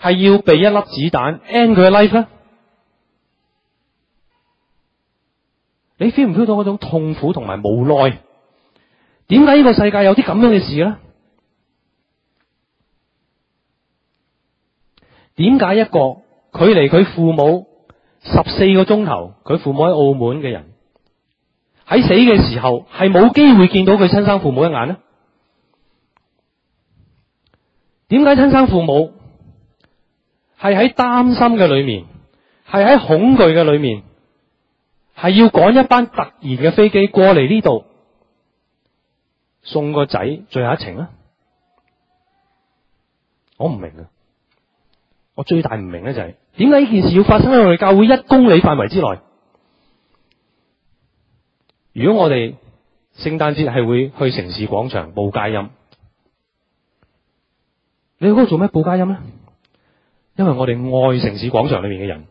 係要被一粒子彈 end 佢嘅 life 咧？你 feel 唔 feel 到嗰種痛苦同埋無奈？點解呢個世界有啲咁樣嘅事咧？點解一個距離佢父母十四個鐘頭，佢父母喺澳門嘅人喺死嘅時候係冇機會見到佢親生父母一眼呢？點解親生父母？係喺擔心嘅裏面，係喺恐懼嘅裏面，係要趕一班突然嘅飛機過嚟呢度送個仔最後一程啊！我唔明啊！我最大唔明咧就係，點解呢件事要發生喺我哋教會一公里範圍之內？如果我哋聖誕節係會去城市廣場報佳音，你去嗰度做咩報佳音呢？因為我哋愛城市廣場裏面嘅人，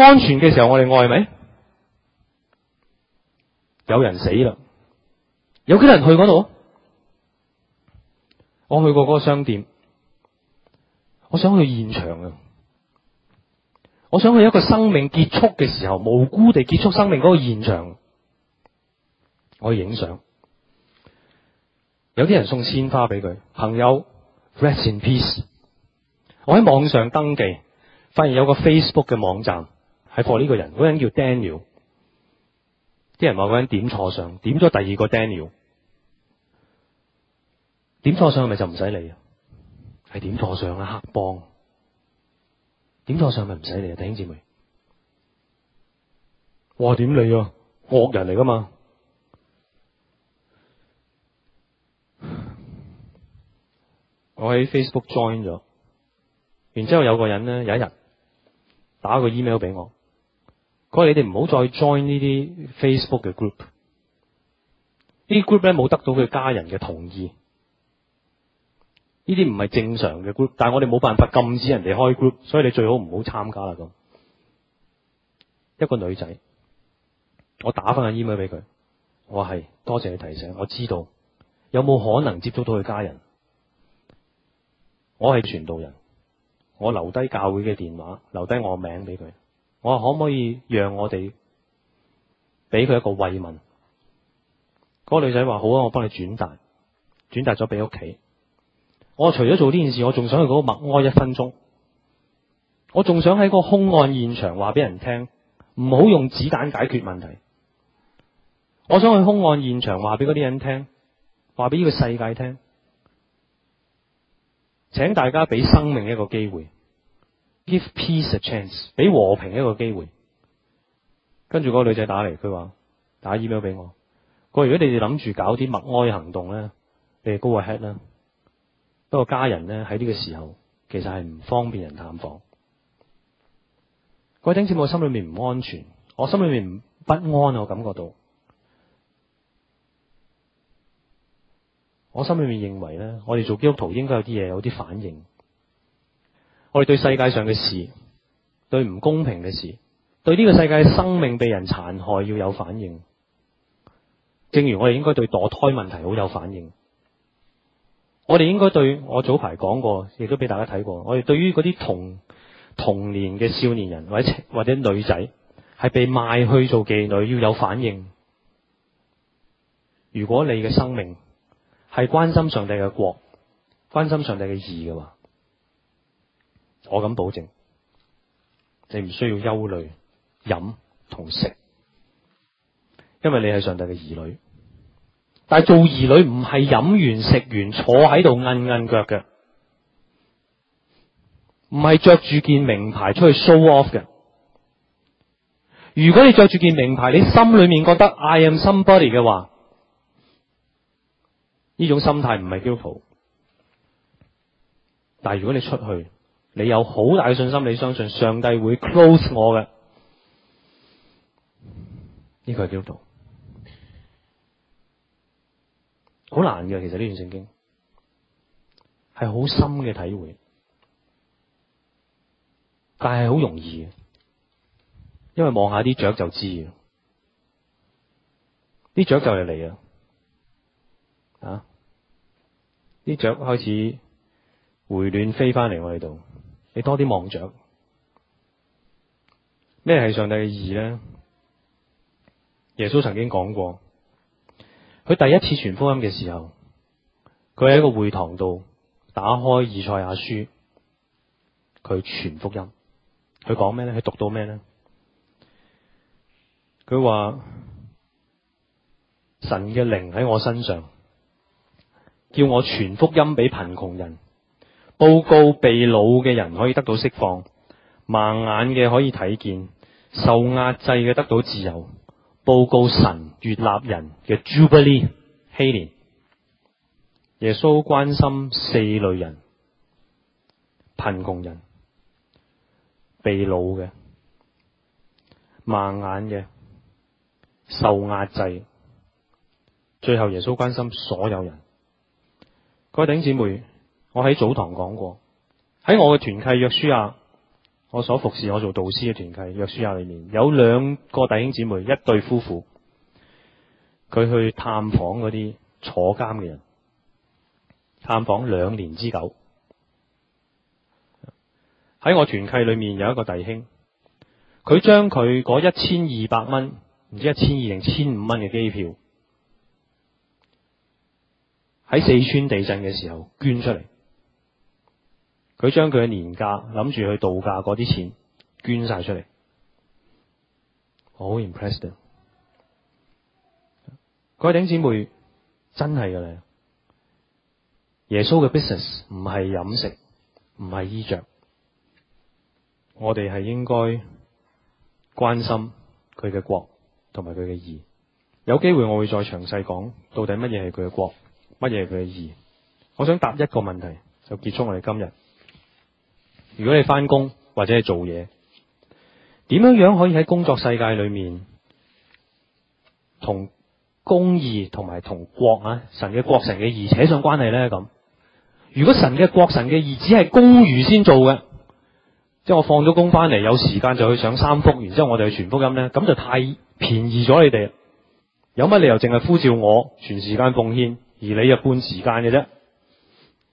安全嘅時候我哋愛係咪？咪有人死啦？有幾多人去嗰度？我去過嗰個商店，我想去現場啊！我想去一個生命結束嘅時候，無辜地結束生命嗰個現場，我去影相。有啲人送鮮花俾佢，朋友。Rest in peace。我喺網上登記，發現有個 Facebook 嘅網站喺過呢個人，嗰個人叫 Daniel。啲人話嗰人點錯相，點咗第二個 Daniel 點是是。點錯相係咪就唔使理啊？係點錯相啊，黑幫。點錯相咪唔使理啊，弟兄姊妹。哇，點理啊？惡人嚟噶嘛？我喺 Facebook join 咗，然之後有個人咧，有一日打個 email 俾我，佢話：你哋唔好再 join 呢啲 Facebook 嘅 group，呢啲 group 咧，冇得到佢家人嘅同意，呢啲唔係正常嘅 group，但係我哋冇辦法禁止人哋開 group，所以你最好唔好參加啦咁。一個女仔，我打翻個 email 俾佢，我話係，多謝你提醒，我知道有冇可能接觸到佢家人。我係傳道人，我留低教會嘅電話，留低我名俾佢。我話，可唔可以讓我哋俾佢一個慰問？嗰個女仔話好啊，我幫你轉達，轉達咗俾屋企。我除咗做呢件事，我仲想去嗰度默哀一分鐘。我仲想喺個凶案現場話俾人聽，唔好用子彈解決問題。我想去凶案現場話俾嗰啲人聽，話俾呢個世界聽。請大家俾生命一個機會，Give peace a chance，俾和平一個機會。跟住嗰個女仔打嚟，佢話打 email 俾我。佢話如果你哋諗住搞啲默哀行動咧，你哋 go ahead 啦。不過家人咧，喺呢個時候其實係唔方便人探訪。佢點知我心裏面唔安全，我心裏面不，不安，我感覺到。我心裏面認為咧，我哋做基督徒應該有啲嘢，有啲反應。我哋對世界上嘅事，對唔公平嘅事，對呢個世界嘅生命被人殘害要有反應。正如我哋應該對墮胎問題好有反應。我哋應該對我早排講過，亦都俾大家睇過。我哋對於嗰啲童童年嘅少年人或者或者女仔係被賣去做妓女要有反應。如果你嘅生命係關心上帝嘅國，關心上帝嘅義嘅話，我敢保證，你唔需要憂慮飲同食，因為你係上帝嘅兒女。但係做兒女唔係飲完食完坐喺度韌韌腳，嘅唔係着住件名牌出去 show off 嘅。如果你着住件名牌，你心裏面覺得 I am somebody 嘅話，呢種心態唔係基督徒，但係如果你出去，你有好大嘅信心，你相信上帝會 close 我嘅，呢個係基督徒。好難嘅，其實呢段聖經係好深嘅體會，但係好容易，因為望下啲雀就知嘅，啲雀就嚟啊！啲雀開始回暖飛翻嚟我哋度，你多啲望住咩係上帝嘅意咧？耶穌曾經講過，佢第一次傳福音嘅時候，佢喺一個會堂度打開《以賽亞書》，佢傳福音，佢講咩咧？佢讀到咩咧？佢話神嘅靈喺我身上。叫我傳福音俾貧窮人，報告被擄嘅人可以得到釋放，盲眼嘅可以睇見，受壓制嘅得到自由。報告神悅納人嘅 Jubilee 禧年。耶穌關心四類人：貧窮人、被擄嘅、盲眼嘅、受壓制。最後耶穌關心所有人。各位弟兄姐妹，我喺早堂講過，喺我嘅團契約書亞，我所服侍我做導師嘅團契約書亞裏面，有兩個弟兄姐妹，一對夫婦，佢去探訪嗰啲坐監嘅人，探訪兩年之久。喺我團契裏面有一個弟兄，佢將佢嗰一千二百蚊，唔知一千二定千五蚊嘅機票。喺四川地震嘅時候捐出嚟，佢將佢嘅年假諗住去度假嗰啲錢捐晒出嚟。Oh，我好 impressed。各位頂姊妹真係㗎喇，耶穌嘅 business 唔係飲食，唔係衣着，我哋係應該關心佢嘅國同埋佢嘅義。有機會我會再詳細講到底乜嘢係佢嘅國。乜嘢佢嘅意？我想答一個問題，就結束我哋今日。如果你翻工，或者係做嘢，點樣樣可以喺工作世界裏面同公義同埋同國啊，神嘅國神嘅義扯上關係呢？咁如果神嘅國神嘅義只係工餘先做嘅，即係我放咗工翻嚟，有時間就去上三福，然之後我哋去傳福音呢，咁就太便宜咗你哋。有乜理由淨係呼召我全時間奉獻？而你一半時間嘅啫，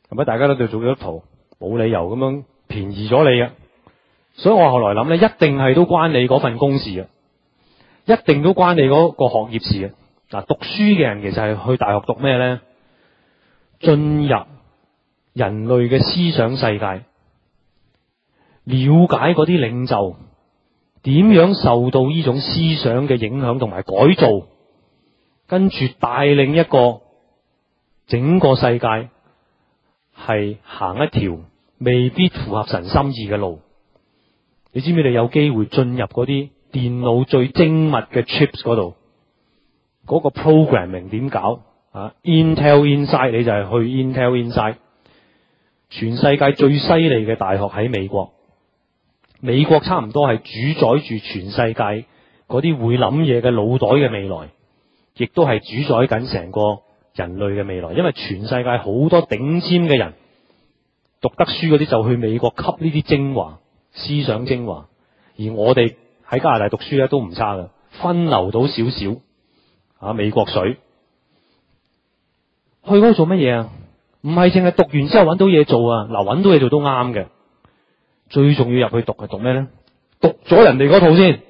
咁啊，大家都做咗基督徒，冇理由咁樣便宜咗你嘅。所以我後來諗咧，一定係都關你嗰份公事啊，一定都關你嗰個學業事啊。嗱，讀書嘅人其實係去大學讀咩呢？進入人類嘅思想世界，了解嗰啲領袖點樣受到呢種思想嘅影響同埋改造，跟住帶領一個。整個世界係行一條未必符合神心意嘅路。你知唔知你有機會進入啲電腦最精密嘅 chips 度？嗰個 programming 點搞啊？Intel Inside 你就係去 Intel Inside。全世界最犀利嘅大學喺美國。美國差唔多係主宰住全世界啲會諗嘢嘅腦袋嘅未來，亦都係主宰緊成個，人類嘅未來，因為全世界好多頂尖嘅人，讀得書嗰啲就去美國吸呢啲精華、思想精華，而我哋喺加拿大讀書咧都唔差嘅，分流到少少啊美國水，去嗰度做乜嘢啊？唔係淨係讀完之後搵到嘢做啊，嗱搵到嘢做都啱嘅，最重要入去讀係讀咩咧？讀咗人哋嗰套先。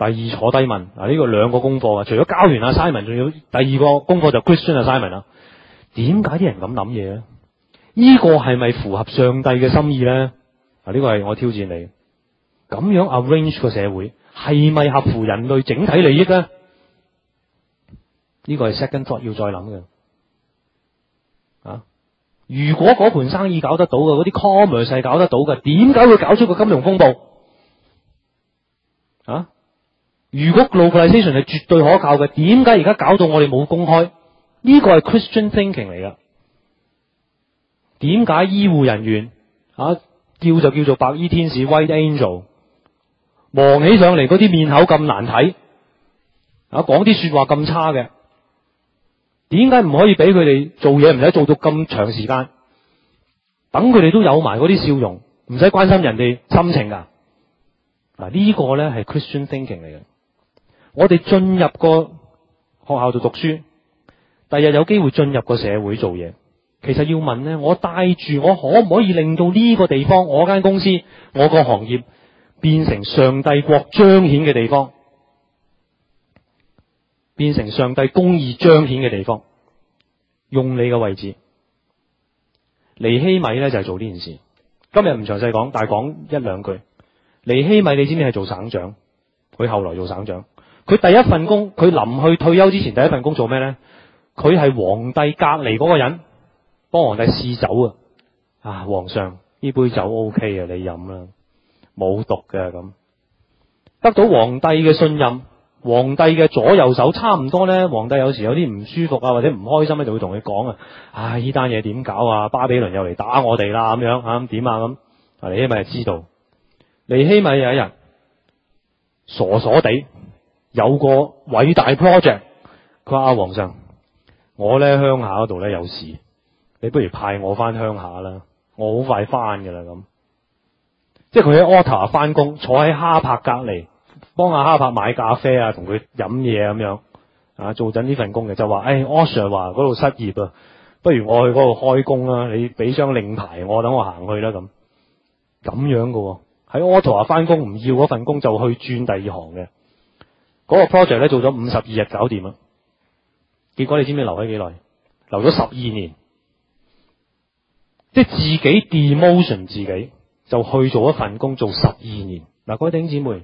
第二坐低問，嗱、啊、呢個兩個功課嘅，除咗交完 assignment，仲要第二個功課就 Christian assignment 啦。點解啲人咁諗嘢呢？呢個係咪符合上帝嘅心意呢？嗱、啊、呢個係我挑戰你，咁樣 arrange 個社會係咪合乎人類整體利益呢？呢個係 second thought 要再諗嘅。啊，如果嗰盤生意搞得到嘅，嗰啲 commerce 搞得到嘅，點解會搞出個金融風暴？啊？如果 globalisation 係絕對可靠嘅，點解而家搞到我哋冇公開？呢個係 Christian thinking 嚟噶。點解醫護人員啊叫就叫做白衣天使 （White Angel），忙起上嚟嗰啲面口咁難睇，啊講啲說話咁差嘅？點解唔可以俾佢哋做嘢唔使做到咁長時間，等佢哋都有埋嗰啲笑容，唔使關心人哋心情噶？嗱、啊這個、呢個咧係 Christian thinking 嚟嘅。我哋進入個學校度讀書，第日有機會進入個社會做嘢。其實要問呢，我帶住我可唔可以令到呢個地方、我間公司、我個行業變成上帝國彰顯嘅地方，變成上帝公義彰顯嘅地方？用你嘅位置，尼希米呢就係做呢件事。今日唔詳細講，但係講一兩句。尼希米你知唔知係做省長？佢後來做省長。佢第一份工，佢臨去退休之前第一份工做咩呢？佢係皇帝隔籬嗰個人，幫皇帝試酒啊！啊，皇上，呢杯酒 OK 啊，你飲啦，冇毒嘅。咁，得到皇帝嘅信任，皇帝嘅左右手差唔多呢。皇帝有時有啲唔舒服啊，或者唔開心咧，啊，就會同佢講啊。唉，啊，呢單嘢點搞啊？巴比倫又嚟打我哋啦咁樣啊？咁點啊？咁尼希米就知道，尼希米有一日傻傻地。有個偉大 project，佢話阿皇上，我咧鄉下嗰度咧有事，你不如派我翻鄉下啦，我好快翻噶啦咁。即係佢喺 Oscar 翻工，坐喺哈柏隔籬，幫阿哈柏買咖啡啊，同佢飲嘢咁樣啊，做緊呢份工嘅就話，誒 Oscar 話嗰度失業啊，不如我去嗰度開工啦，你俾張令牌我，等我行去啦咁。咁樣噶喎，喺 Oscar 翻工唔要嗰份工就去轉第二行嘅。嗰個 project 咧做咗五十二日搞掂啦，結果你知唔知留喺幾耐？留咗十二年，即係自己 demotion 自己就去做一份工做十二年。嗱、啊，各位弟兄姊妹，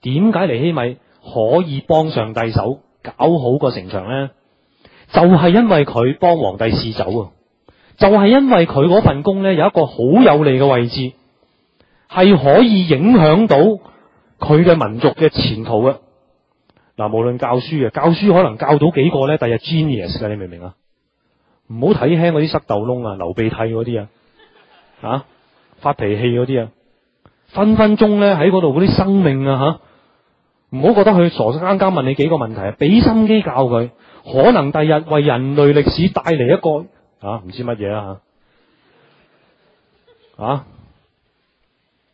點解尼希米可以幫上帝手搞好個城牆呢？就係、是、因為佢幫皇帝試走啊！就係、是、因為佢嗰份工呢，有一個好有利嘅位置，係可以影響到佢嘅民族嘅前途嘅。嗱，無論教書啊，教書可能教到幾個呢？第日 genius 噶，你明唔明啊？唔好睇輕嗰啲塞豆窿啊、流鼻涕嗰啲啊，吓發脾氣嗰啲啊，分分鐘呢喺嗰度嗰啲生命啊吓，唔好覺得佢傻，啱啱問你幾個問題啊，俾心機教佢，可能第日為人類歷史帶嚟一個啊，唔知乜嘢啊吓，啊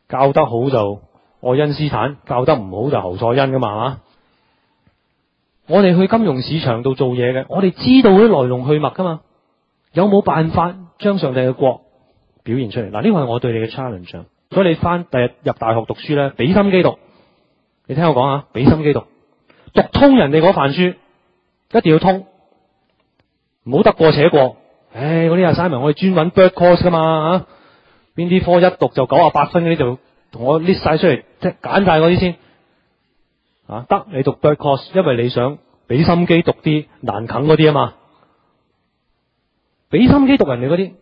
教得好就愛因斯坦，教得唔好就侯賽因噶嘛。吓我哋去金融市場度做嘢嘅，我哋知道啲來龍去脈噶嘛？有冇辦法將上帝嘅國表現出嚟？嗱，呢個係我對你嘅 challenge。所以你翻第日入大學讀書咧，俾心機讀。你聽我講啊，俾心機讀，讀通人哋嗰份書，一定要通，唔好得過且過。唉，嗰啲阿 Simon，我哋專揾 bird course 噶嘛？吓，邊啲科一讀就九啊八分嗰啲，就同我 list 晒出嚟，即係揀晒嗰啲先。啊，得你讀 bird course，因為你想俾心機讀啲難啃嗰啲啊嘛，俾心機讀人哋嗰啲，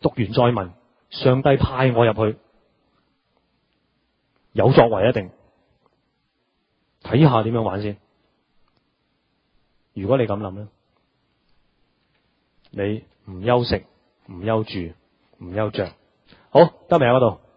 讀完再問上帝派我入去，有作為一定。睇下點樣玩先。如果你咁諗咧，你唔休息，唔休住，唔休着。好得未喺嗰度？